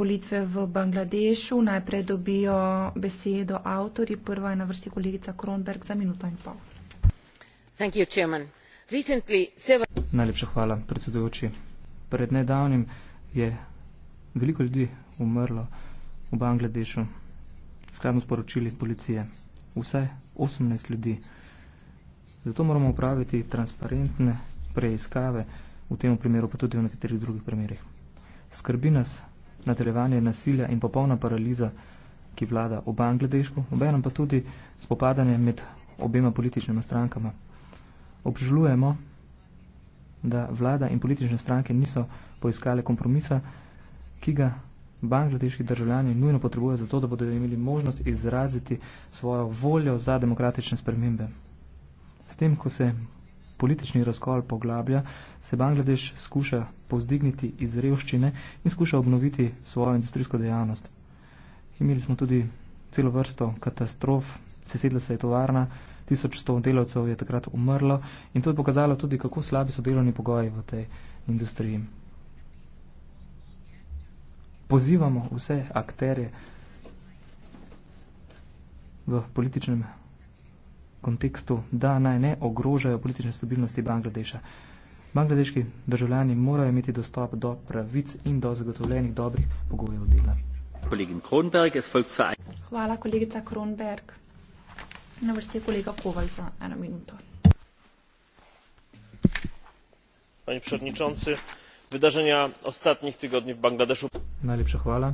volitve v Bangladešu. Najprej dobijo besedo avtori. Prva je na vrsti kolegica Kronberg za minuto in pol. Najlepša hvala, predsedujoči. Pred nedavnim je veliko ljudi umrlo v Bangladešu, skladno s poročili policije. Vse 18 ljudi. Zato moramo upraviti transparentne preiskave, v tem primeru pa tudi v nekaterih drugih primerih. Skrbi nas nadaljevanje nasilja in popolna paraliza, ki vlada v Bangladešku, obenem pa tudi spopadanje med obema političnima strankama. Obžalujemo, da vlada in politične stranke niso poiskale kompromisa, ki ga bangladeški državljani nujno potrebujejo za to, da bodo imeli možnost izraziti svojo voljo za demokratične spremembe. S tem, ko se politični razkol poglablja, se Bangladeš skuša povzdigniti iz revščine in skuša obnoviti svojo industrijsko dejavnost. Imeli smo tudi celo vrsto katastrof, sesedla se je tovarna, 1100 delavcev je takrat umrlo in to je pokazalo tudi, kako slabi so delovni pogoji v tej industriji. Pozivamo vse akterje v političnem kontekstu, da naj ne ogrožajo politične stabilnosti Bangladeša. Bangladeški državljani morajo imeti dostop do pravic in do zagotovljenih dobrih pogojev dela. Hvala, kolegica Kronberg. Na vrsti je kolega Koval za eno minuto. Pani predsedniki, vydarzenja ostatnjih tygodni v Bangladešu. Najlepša hvala.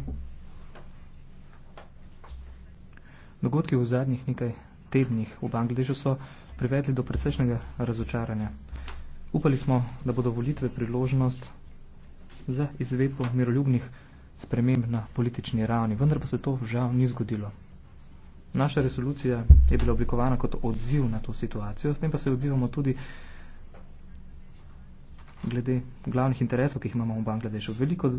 Dogodki v zadnjih nekaj tednih v Bangladežu so privedli do precejšnjega razočaranja. Upali smo, da bodo volitve priložnost za izvedbo miroljubnih sprememb na politični ravni, vendar pa se to žal ni zgodilo. Naša resolucija je bila oblikovana kot odziv na to situacijo, s tem pa se odzivamo tudi glede glavnih interesov, ki jih imamo v Bangladešu. Veliko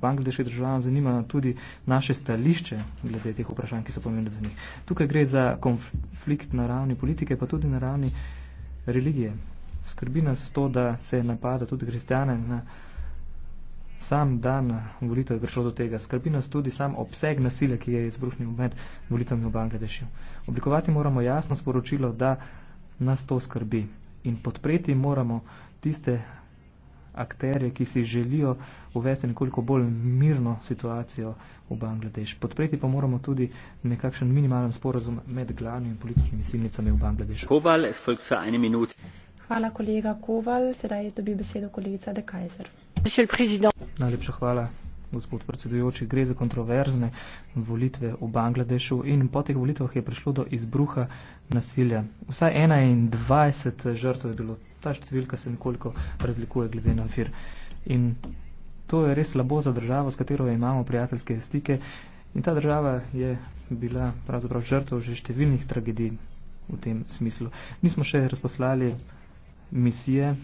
bangladeški državam zanima tudi naše stališče glede teh vprašanj, ki so pomembne za njih. Tukaj gre za konflikt na ravni politike, pa tudi na ravni religije. Skrbi nas to, da se napada tudi kristjane na sam dan volitev je prišlo do tega. Skrbi nas tudi sam obseg nasilja, ki je izbruhnil med volitvami v Bangladešu. Oblikovati moramo jasno sporočilo, da nas to skrbi. In podpreti moramo tiste akterje, ki si želijo uvesti nekoliko bolj mirno situacijo v Bangladeš. Podpreti pa moramo tudi nekakšen minimalen sporazum med glavnimi in političnimi silnicami v Bangladeš. Koval, hvala kolega Koval, sedaj dobi besedo kolegica De Kajzer. Najlepša hvala gospod predsedujoči, gre za kontroverzne volitve v Bangladešu in po teh volitvah je prišlo do izbruha nasilja. Vsaj 21 žrtov je bilo, ta številka se nekoliko razlikuje glede na fir. In to je res slabo za državo, s katero imamo prijateljske stike in ta država je bila pravzaprav žrtov že številnih tragedij v tem smislu. Nismo še razposlali misije,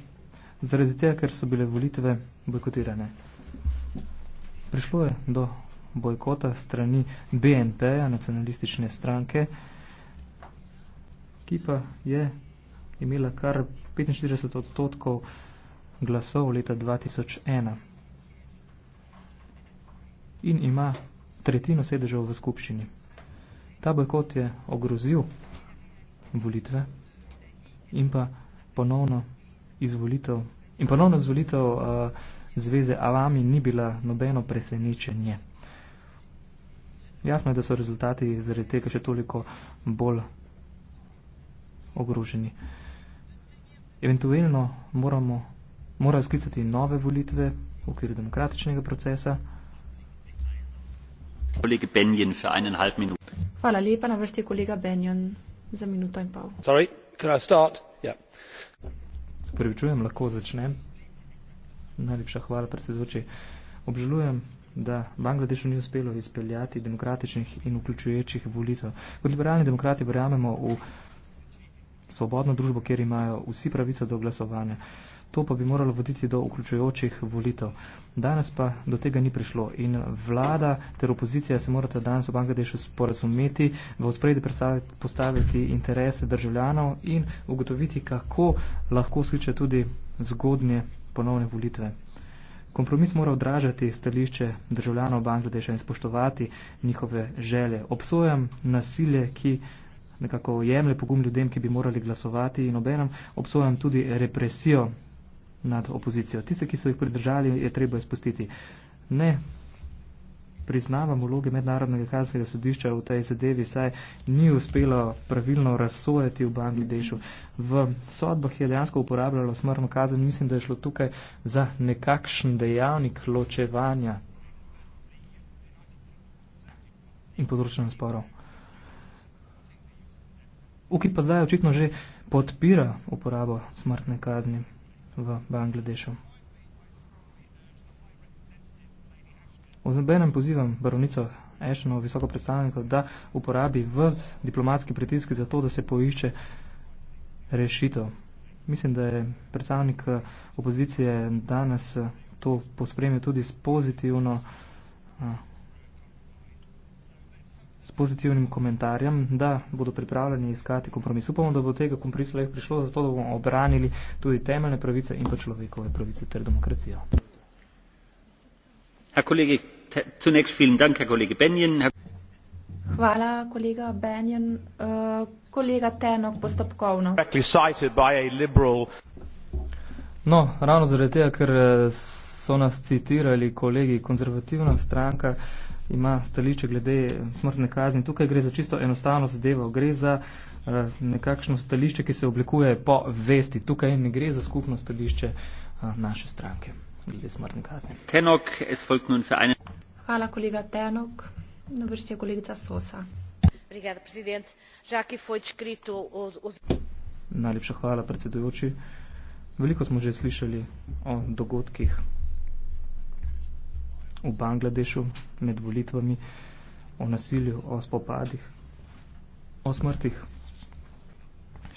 zaradi tega, ker so bile volitve bojkotirane. Prišlo je do bojkota strani BNP, nacionalistične stranke, ki pa je imela kar 45 odstotkov glasov leta 2001 in ima tretjino sedežev v skupščini. Ta bojkot je ogrozil volitve in pa ponovno izvolitev in ponovno izvolitev uh, zveze Avami ni bila nobeno presenečenje. Jasno je, da so rezultati zaradi tega še toliko bolj ogroženi. Eventuelno moramo, mora sklicati nove volitve v okviru demokratičnega procesa. Kolega Benjen, za en in pol minut. Hvala lepa, na vrsti je kolega Benjen za minuto in pol. Sorry, can I start? Ja. Yeah. Prvičujem, lahko začnem. Najlepša hvala, predsedujoči. Obžalujem, da Bangladešu ni uspelo izpeljati demokratičnih in vključujočih volitev. Kot liberalni demokrati verjamemo v svobodno družbo, kjer imajo vsi pravico do glasovanja. To pa bi moralo voditi do vključujočih volitev. Danes pa do tega ni prišlo in vlada ter opozicija se morata danes v Bangladešu sporazumeti, v ospredi postaviti interese državljanov in ugotoviti, kako lahko sliče tudi zgodnje ponovne volitve. Kompromis mora odražati stališče državljanov Bangladeša in spoštovati njihove želje. Obsojam nasilje, ki nekako jemlje pogum ljudem, ki bi morali glasovati in obenem obsojam tudi represijo nad opozicijo. Tiste, ki so jih pridržali, je treba izpustiti. Ne priznavam vloge mednarodnega kazenskega sodišča v tej zadevi, saj ni uspelo pravilno razsojati v Bangladešu. V sodbah je dejansko uporabljalo smrtno kazen, mislim, da je šlo tukaj za nekakšen dejavnik ločevanja in področjenja sporov. Uki pa zdaj očitno že podpira uporabo smrtne kazni v Bangladešu. Ozenbenem pozivam baronico Ešno, visoko predstavnika, da uporabi vz diplomatski pritisk za to, da se poišče rešitev. Mislim, da je predstavnik eh, opozicije danes eh, to pospremil tudi s, pozitivno, eh, s pozitivnim komentarjem, da bodo pripravljeni iskati kompromis. Upamo, da bo tega kompromisa lahko prišlo, zato da bomo obranili tudi temeljne pravice in pa človekove pravice ter demokracijo. Hvala, kolega Bennion. Eh, kolega Tenok, postopkovno. No, ravno zaradi tega, ker eh, so nas citirali kolegi, konzervativna stranka ima stališče glede smrtne kazni. Tukaj gre za čisto enostavno zadevo. Gre za eh, nekakšno stališče, ki se oblikuje po vesti. Tukaj ne gre za skupno stališče naše stranke bili smrtni kazni. Tenok, es folgt nun für eine... Hvala, kolega Tenok. Na vrsti je kolegica Sosa. Obrigada, president. Žaki Fojč, krito... Najlepša hvala, predsedujoči. Veliko smo že slišali o dogodkih v Bangladešu med volitvami, o nasilju, o spopadih, o smrtih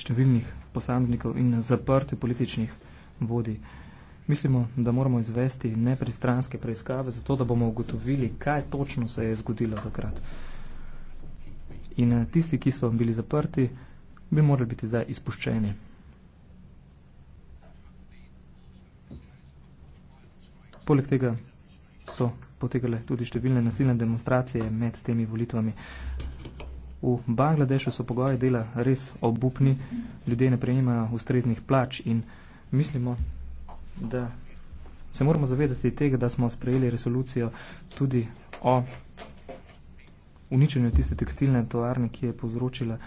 številnih posameznikov in zaprte političnih vodij. Mislimo, da moramo izvesti nepristranske preiskave, zato da bomo ugotovili, kaj točno se je zgodilo takrat. In eh, tisti, ki so bili zaprti, bi morali biti zdaj izpuščeni. Poleg tega so potekale tudi številne nasilne demonstracije med temi volitvami. V Bangladešu so pogoje dela res obupni, ljudje ne prejemajo ustreznih plač in mislimo, da se moramo zavedati tega, da smo sprejeli resolucijo tudi o uničenju tiste tekstilne tovarne, ki je povzročila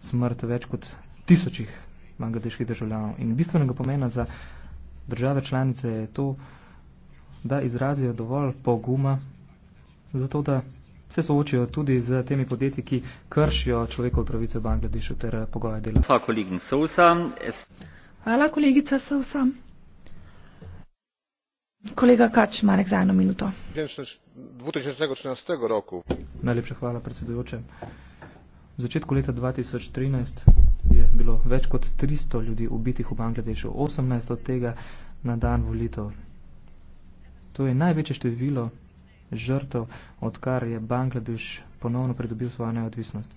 smrt več kot tisočih mangadeških državljanov. In bistvenega pomena za države članice je to, da izrazijo dovolj poguma, zato da se soočijo tudi z temi podjetji, ki kršijo človekove pravice v Bangladešu ter pogoje dela. Hvala, kolegin Sousa. Hvala, kolegica Sousa. Kolega Kačmarek za eno minuto. 2013 roku. Najlepša hvala, predsedujoče. V začetku leta 2013 je bilo več kot 300 ljudi ubitih v Bangladešu, 18 od tega na dan volitev. To je največje število žrtev, odkar je Bangladeš ponovno pridobil svojo neodvisnost.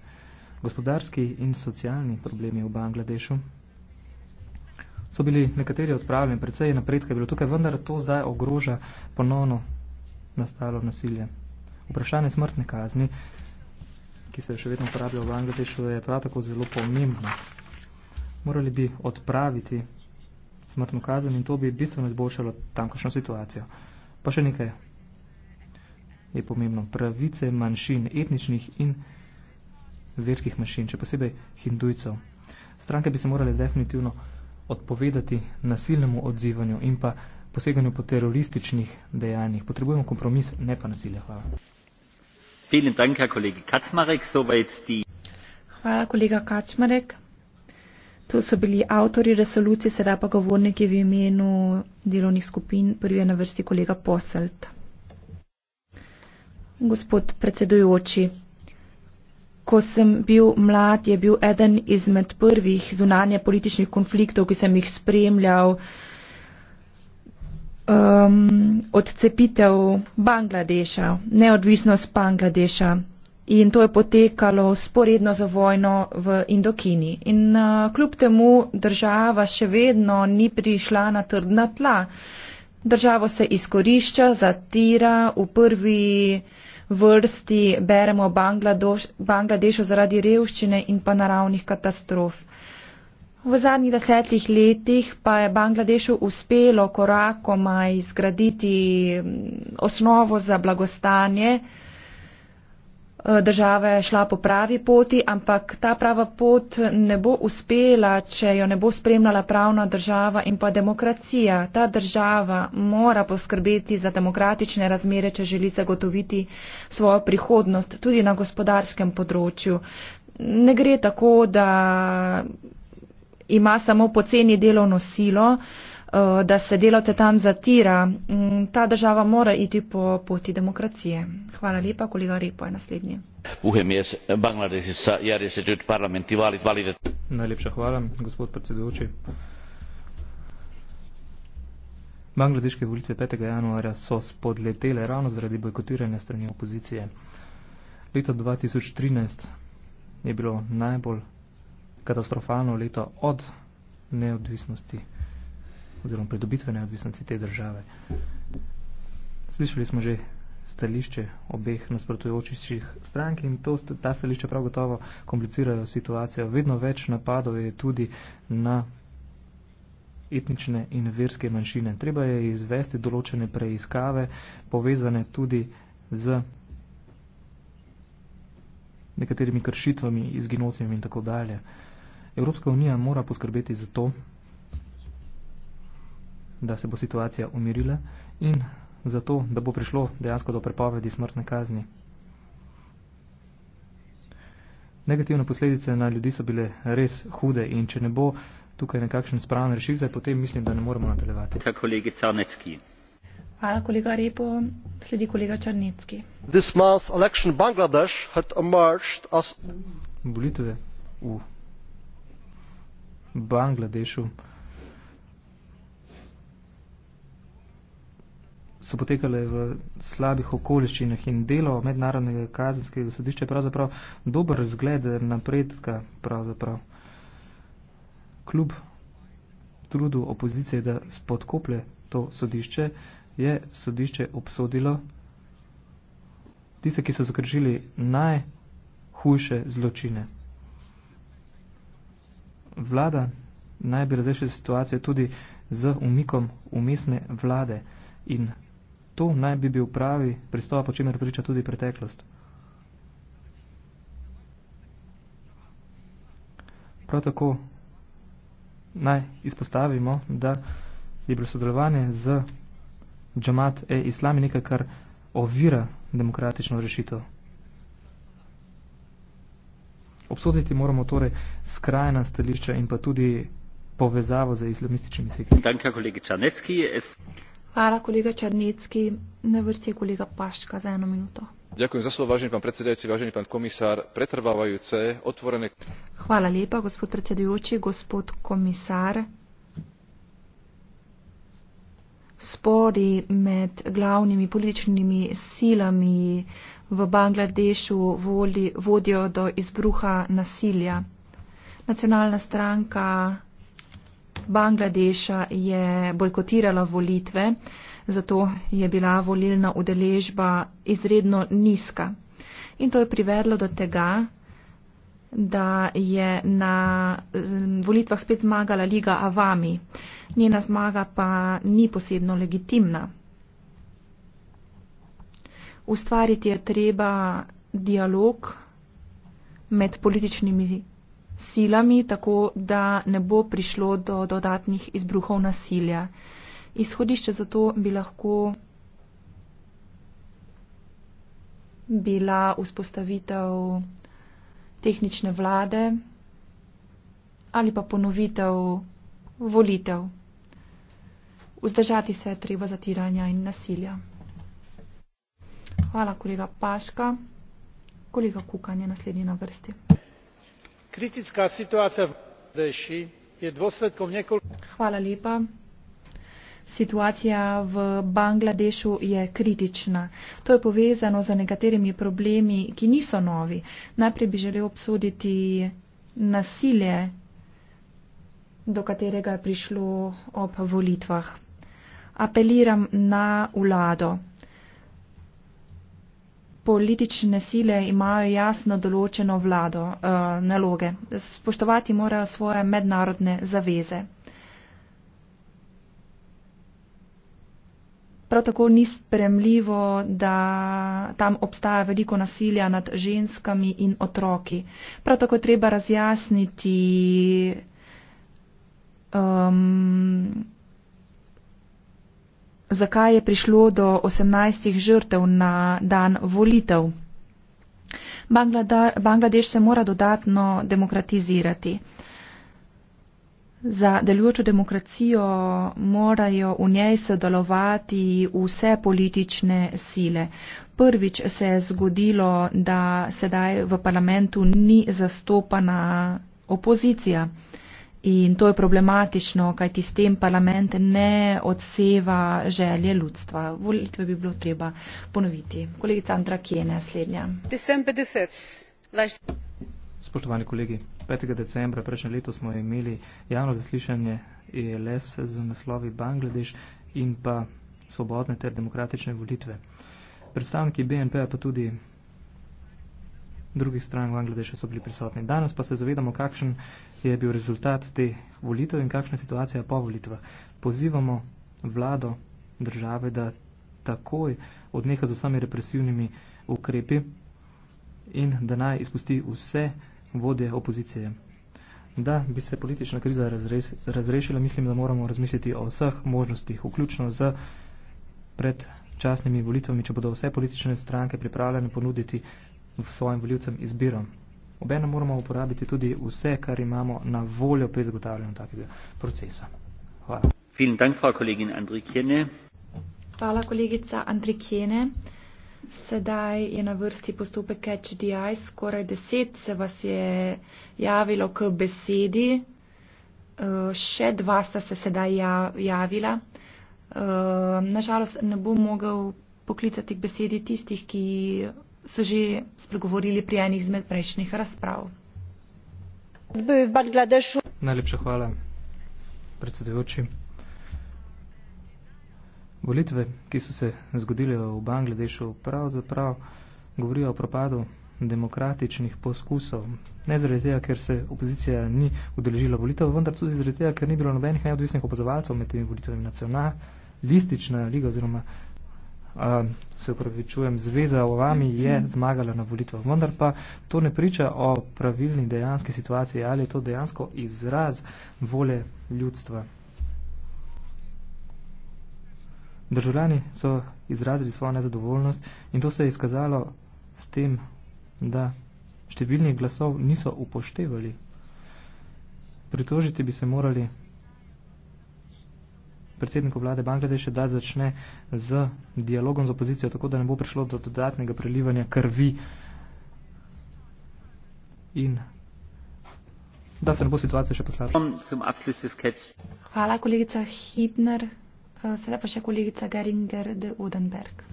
Gospodarski in socialni problemi v Bangladešu so bili nekateri odpravljeni, precej napredka je bilo tukaj, vendar to zdaj ogroža ponovno nastalo nasilje. Vprašanje smrtne kazni, ki se še vedno uporablja v Bangladešu, je prav tako zelo pomembno. Morali bi odpraviti smrtno kazen in to bi bistveno izboljšalo tamkošno situacijo. Pa še nekaj je pomembno. Pravice manjšin, etničnih in verskih manjšin, če posebej hindujcev. Stranke bi se morali definitivno odpovedati nasilnemu odzivanju in pa poseganju po terorističnih dejanjih. Potrebujemo kompromis, ne pa nasilja. Hvala. Hvala, kolega Kačmarek. To so bili avtori resolucije, sedaj pa govorniki v imenu delovnih skupin. Prvi je na vrsti kolega Poselt. Gospod predsedujoči, Ko sem bil mlad, je bil eden izmed prvih zunanje političnih konfliktov, ki sem jih spremljal, um, odcepitev Bangladeša, neodvisnost Bangladeša. In to je potekalo sporedno za vojno v Indokini. In uh, kljub temu država še vedno ni prišla na trdna tla. Državo se izkorišča, zatira v prvi vrsti beremo o Bangladešu zaradi revščine in pa naravnih katastrof. V zadnjih desetih letih pa je Bangladešu uspelo korakoma izgraditi mm, osnovo za blagostanje. Eh, države šla po pravi poti, ampak ta prava pot ne bo uspela, če jo ne bo spremljala pravna država in pa demokracija. Ta država mora poskrbeti za demokratične razmere, če želi zagotoviti svojo prihodnost tudi na gospodarskem področju. Ne gre tako, da ima samo poceni delovno silo, uh, Eh, da se delavce tam zatira. Mm, ta država mora iti po poti demokracije. Hvala lepa, kolega Repo je naslednji. Puhemies, Bangladesissa järjestetyt parlamenttivaalit valitet. Najlepša hvala, gospod predsedujoči. Bangladeške volitve 5. januarja so spodletele ravno zaradi bojkotiranja strani opozicije. Leto 2013 je bilo najbolj katastrofalno leto od neodvisnosti oziroma pridobitvene odvisnosti te države. Slišali smo že stališče obeh nasprotujočih strank in to, ta stališče prav gotovo komplicirajo situacijo. Vedno več napadov je tudi na etnične in verske manjšine. Treba je izvesti določene preiskave, povezane tudi z nekaterimi kršitvami, izginotvami in tako dalje. Evropska unija mora poskrbeti za to, da se bo situacija umirila in zato, da bo prišlo dejansko do prepovedi smrtne kazni. Negativne posledice na ljudi so bile res hude in če ne bo tukaj nekakšen spravni rešitev, potem mislim, da ne moremo nadaljevati. Hvala, kolega Repo. Sledi kolega Črnecki. Volitve v Bangladešu so potekale v slabih okoliščinah in delo mednarodnega kazenskega sodišča je pravzaprav dober zgled napredka, pravzaprav kljub trudu opozicije, da spodkople to sodišče, je sodišče obsodilo tiste, ki so zakržili najhujše zločine. Vlada naj bi razrešila situacijo tudi z umikom umestne vlade in To naj bi bil pravi pristop, po čemer priča tudi preteklost. Prav tako naj izpostavimo, da je bilo sodelovanje z džamat e islami nekaj, kar ovira demokratično rešitev. Obsoditi moramo torej skrajna stališča in pa tudi povezavo z islamističnimi sektorji. Hvala, kolega Černecki. Na vrsti je kolega Paška za eno minuto. Ďakujem za slovo, vážený pán predsedajúci, vážený pán komisár. Pretrvávajúce, otvorené... Hvala lepa, gospod predsedujúci, gospod komisár. Spori med glavnimi političnimi silami v Bangladešu vodijo do izbruha nasilja. Nacionalna stranka Bangladeša je bojkotirala volitve, zato je bila volilna udeležba izredno nizka. In to je privedlo do tega, da je na volitvah spet zmagala Liga Avami. Njena zmaga pa ni posebno legitimna. Ustvariti je treba dialog med političnimi silami, tako da ne bo prišlo do dodatnih izbruhov nasilja. Izhodišče za to bi lahko bila vzpostavitev tehnične vlade ali pa ponovitev volitev. Vzdržati se je treba zatiranja in nasilja. Hvala, kolega Paška. Kolega Kukan je naslednji na vrsti kritická situácia v bangladéši je dôsledkom Hvala lepa. Situacija v Bangladešu je kritična. To je povezano z nekaterimi problemi, ki niso novi. Najprej bi želel obsoditi nasilje, do katerega je prišlo ob volitvah. Apeliram na vlado politične sile imajo jasno določeno vlado uh, naloge. Spoštovati morajo svoje mednarodne zaveze. Prav tako ni spremljivo, da tam obstaja veliko nasilja nad ženskami in otroki. Prav tako treba razjasniti. Um, zakaj je prišlo do 18 žrtev na dan volitev. Banglada, Bangladeš se mora dodatno demokratizirati. Za delujočo demokracijo morajo v njej sodelovati vse politične sile. Prvič se je zgodilo, da sedaj v parlamentu ni zastopana opozicija. In to je problematično, kajti s tem parlament ne odseva želje ljudstva. Volitve bi bilo treba ponoviti. Kolegica Andra Kene, slednja. Spoštovani kolegi, 5. decembra prejšnje leto smo imeli javno zaslišanje ELS z naslovi Bangladeš in pa svobodne ter demokratične volitve. Predstavniki BNP pa tudi drugih strank v Angladešu so bili prisotni. Danes pa se zavedamo, kakšen je bil rezultat te volitev in kakšna situacija po volitvah. Pozivamo vlado države, da takoj odneha z vsemi represivnimi ukrepi in da naj izpusti vse vodje opozicije. Da bi se politična kriza razreš razrešila, mislim, da moramo razmisliti o vseh možnostih, vključno z predčasnimi volitvami, če bodo vse politične stranke pripravljene ponuditi svojim voljivcem izbiro. Obenem moramo uporabiti tudi vse, kar imamo na voljo pri zagotavljanju takega procesa. Hvala. Dank, Hvala, kolegica Andrikjene. Sedaj je na vrsti postopek Catch the Eye. Skoraj deset se vas je javilo k besedi. Eh, še dva sta se sedaj ja, javila. Eh, Nažalost, ne bom mogel poklicati k besedi tistih, ki so že spregovorili pri eni izmed prejšnjih razprav. Najlepša hvala, predsedujoči. Volitve, ki so se zgodile v Bangladešu, pravzaprav govorijo o propadu demokratičnih poskusov. Ne zaradi tega, ker se opozicija ni udeležila volitev, vendar tudi zaradi tega, ker ni bilo nobenih neodvisnih opozovalcev med temi volitvami nacionalistična liga oziroma se upravičujem, zveza v vami je zmagala na volitvah. Vendar pa to ne priča o pravilni dejanski situaciji, ali je to dejansko izraz vole ljudstva. Državljani so izrazili svojo nezadovoljnost in to se je izkazalo s tem, da številnih glasov niso upoštevali. Pritožiti bi se morali predsedniku vlade Bangladeša, da začne z dialogom z opozicijo, tako da ne bo prišlo do dodatnega prelivanja krvi in da se ne bo situacija še poslabšala. Hvala, kolegica Hibner. Eh, sedaj pa še kolegica Geringer de Udenberg.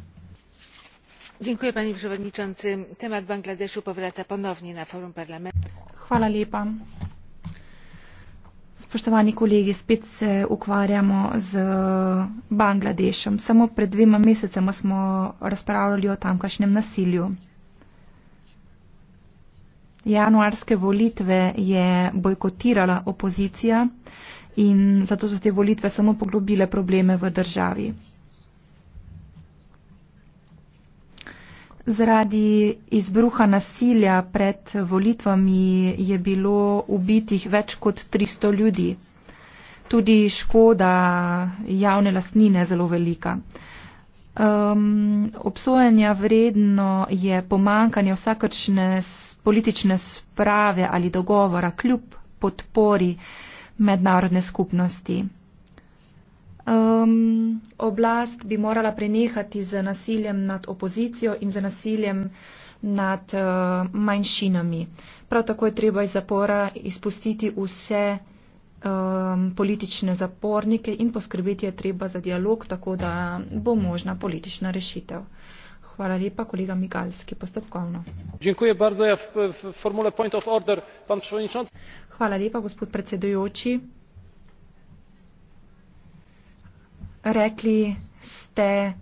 Dziękuję, panie przewodniczący. Temat Bangladeszu powraca ponownie na forum parlamentu. Hvala lepa. Spoštovani kolegi, spet se ukvarjamo z Bangladešem. Samo pred dvema mesecema smo razpravljali o tamkajšnjem nasilju. Januarske volitve je bojkotirala opozicija in zato so te volitve samo poglobile probleme v državi. Zaradi izbruha nasilja pred volitvami je bilo ubitih več kot 300 ljudi. Tudi škoda javne lastnine je zelo velika. Um, obsojanja vredno je pomankanje vsakršne politične sprave ali dogovora kljub podpori mednarodne skupnosti. Um, oblast bi morala prenehati z nasiljem nad opozicijo in z nasiljem nad uh, manjšinami. Prav tako je treba iz zapora izpustiti vse um, politične zapornike in poskrbeti je treba za dialog, tako da bo možna politična rešitev. Hvala lepa, kolega Migalski, postopkovno. Ja Hvala lepa, gospod predsedujoči. rekli ste,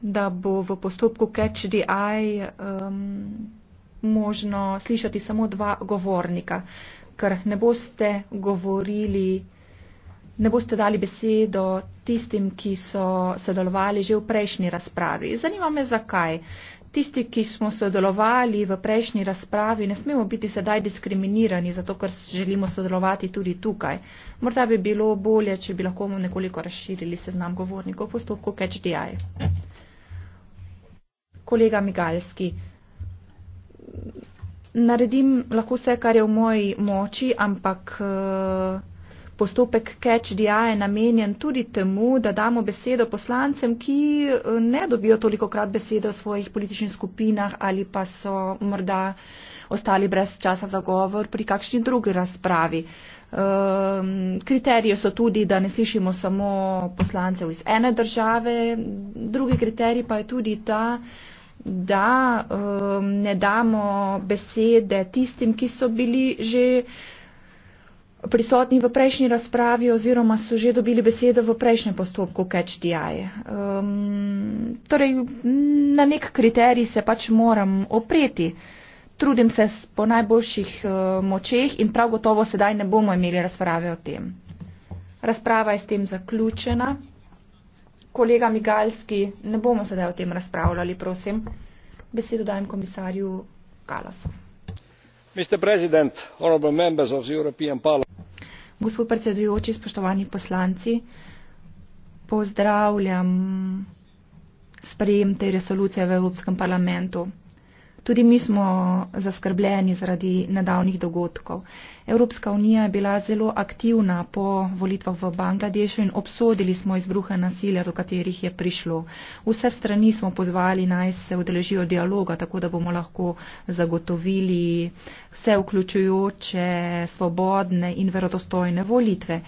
da bo v postopku Catch the Eye um, možno slišati samo dva govornika, ker ne boste govorili, ne boste dali besedo tistim, ki so sodelovali že v prejšnji razpravi. Zanima me, zakaj tisti, ki smo sodelovali v prejšnji razpravi, ne smemo biti sedaj diskriminirani, zato ker želimo sodelovati tudi tukaj. Morda bi bilo bolje, če bi lahko nekoliko razširili seznam govornikov v postopku CHDI. Kolega Migalski, naredim lahko vse, kar je v moji moči, ampak. Uh, Postopek CatchDI je namenjen tudi temu, da damo besedo poslancem, ki eh, ne dobijo toliko krat besede v svojih političnih skupinah ali pa so morda ostali brez časa za govor pri kakšni drugi razpravi. Um, kriterije so tudi, da ne slišimo samo poslancev iz ene države, drugi kriterij pa je tudi ta, da um, ne damo besede tistim, ki so bili že prisotni v prejšnji razpravi oziroma so že dobili besedo v prejšnjem postopku CatchDI. Um, torej, na nek kriterij se pač moram opreti. Trudim se po najboljših uh, močeh in prav gotovo sedaj ne bomo imeli razprave o tem. Razprava je s tem zaključena. Kolega Migalski, ne bomo sedaj o tem razpravljali, prosim. Besedo dajem komisarju Kalasu. Mr. President, honorable members of the European Parliament. Gospod predsedujoči, spoštovani poslanci, pozdravljam sprejem te resolucije v Evropskem parlamentu. Tudi mi smo zaskrbljeni zaradi nedavnih dogodkov. Evropska unija je bila zelo aktivna po volitvah v Bangladešu in obsodili smo izbruhe nasilja, do katerih je prišlo. Vse strani smo pozvali naj se udeležijo dialoga, tako da bomo lahko zagotovili vse vključujoče, svobodne in verodostojne volitve.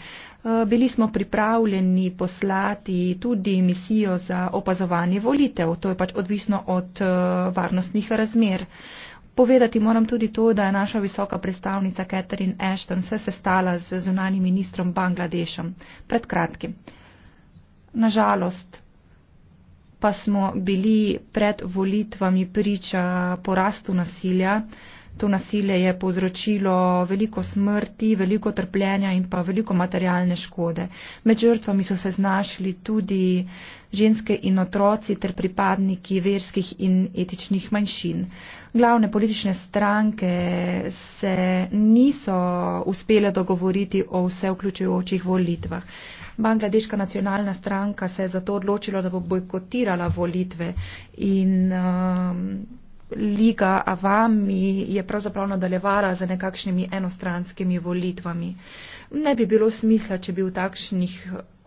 Eh, bili smo pripravljeni poslati tudi misijo za opazovanje volitev, to je pač odvisno od eh, varnostnih razmer. Povedati moram tudi to, da je naša visoka predstavnica Catherine Ashton se sestala z zunanjim ministrom Bangladešem pred kratkim. Nažalost pa smo bili pred volitvami priča porastu nasilja. Uh, To nasilje je povzročilo veliko smrti, veliko trpljenja in pa veliko materialne škode. Med žrtvami so se znašli tudi ženske in otroci ter pripadniki verskih in etičnih manjšin. Glavne politične stranke se niso uspele dogovoriti o vse vključujočih volitvah. Bangladeška nacionalna stranka se je zato odločila, da bo bojkotirala volitve in um, Liga Avami je pravzaprav nadaljevala z nekakšnimi enostranskimi volitvami. Ne bi bilo smisla, če bi v takšnih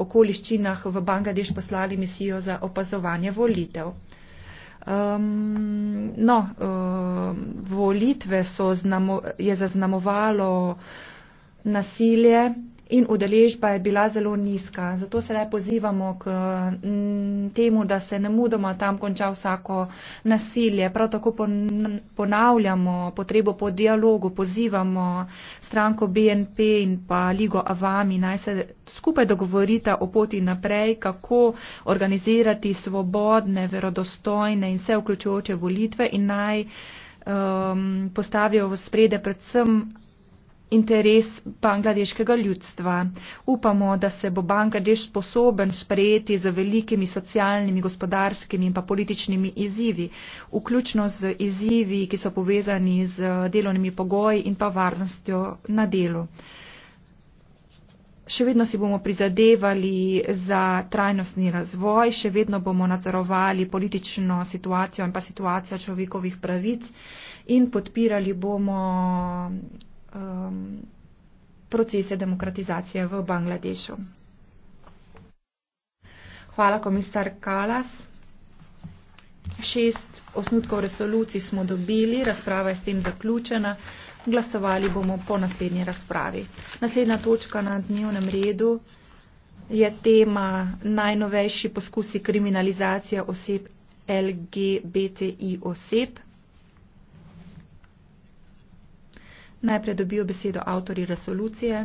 okoliščinah v Bangladeš poslali misijo za opazovanje volitev. Um, no, um, volitve so znamo, je zaznamovalo nasilje, in udeležba je bila zelo nizka. Zato se le pozivamo k mm, temu, da se ne mudoma tam konča vsako nasilje. Prav tako ponavljamo potrebo po dialogu, pozivamo stranko BNP in pa Ligo Avami naj se skupaj dogovorita o poti naprej, kako organizirati svobodne, verodostojne in vse vključujoče volitve in naj um, postavijo v sprede predvsem interes bangladeškega ljudstva. Upamo, da se bo Bangladeš sposoben sprejeti z velikimi socialnimi, gospodarskimi in pa političnimi izzivi, vključno z izzivi, ki so povezani z delovnimi pogoji in pa varnostjo na delu. Še vedno si bomo prizadevali za trajnostni razvoj, še vedno bomo nadzorovali politično situacijo in pa situacijo človekovih pravic in podpirali bomo um, procese demokratizacije v Bangladešu. Hvala, komisar Kalas. Šest osnutkov resolucij smo dobili, razprava je s tem zaključena. Glasovali bomo po naslednji razpravi. Naslednja točka na dnevnem redu je tema najnovejši poskusi kriminalizacije oseb LGBTI oseb. Najprej dobijo besedo avtori resolucije.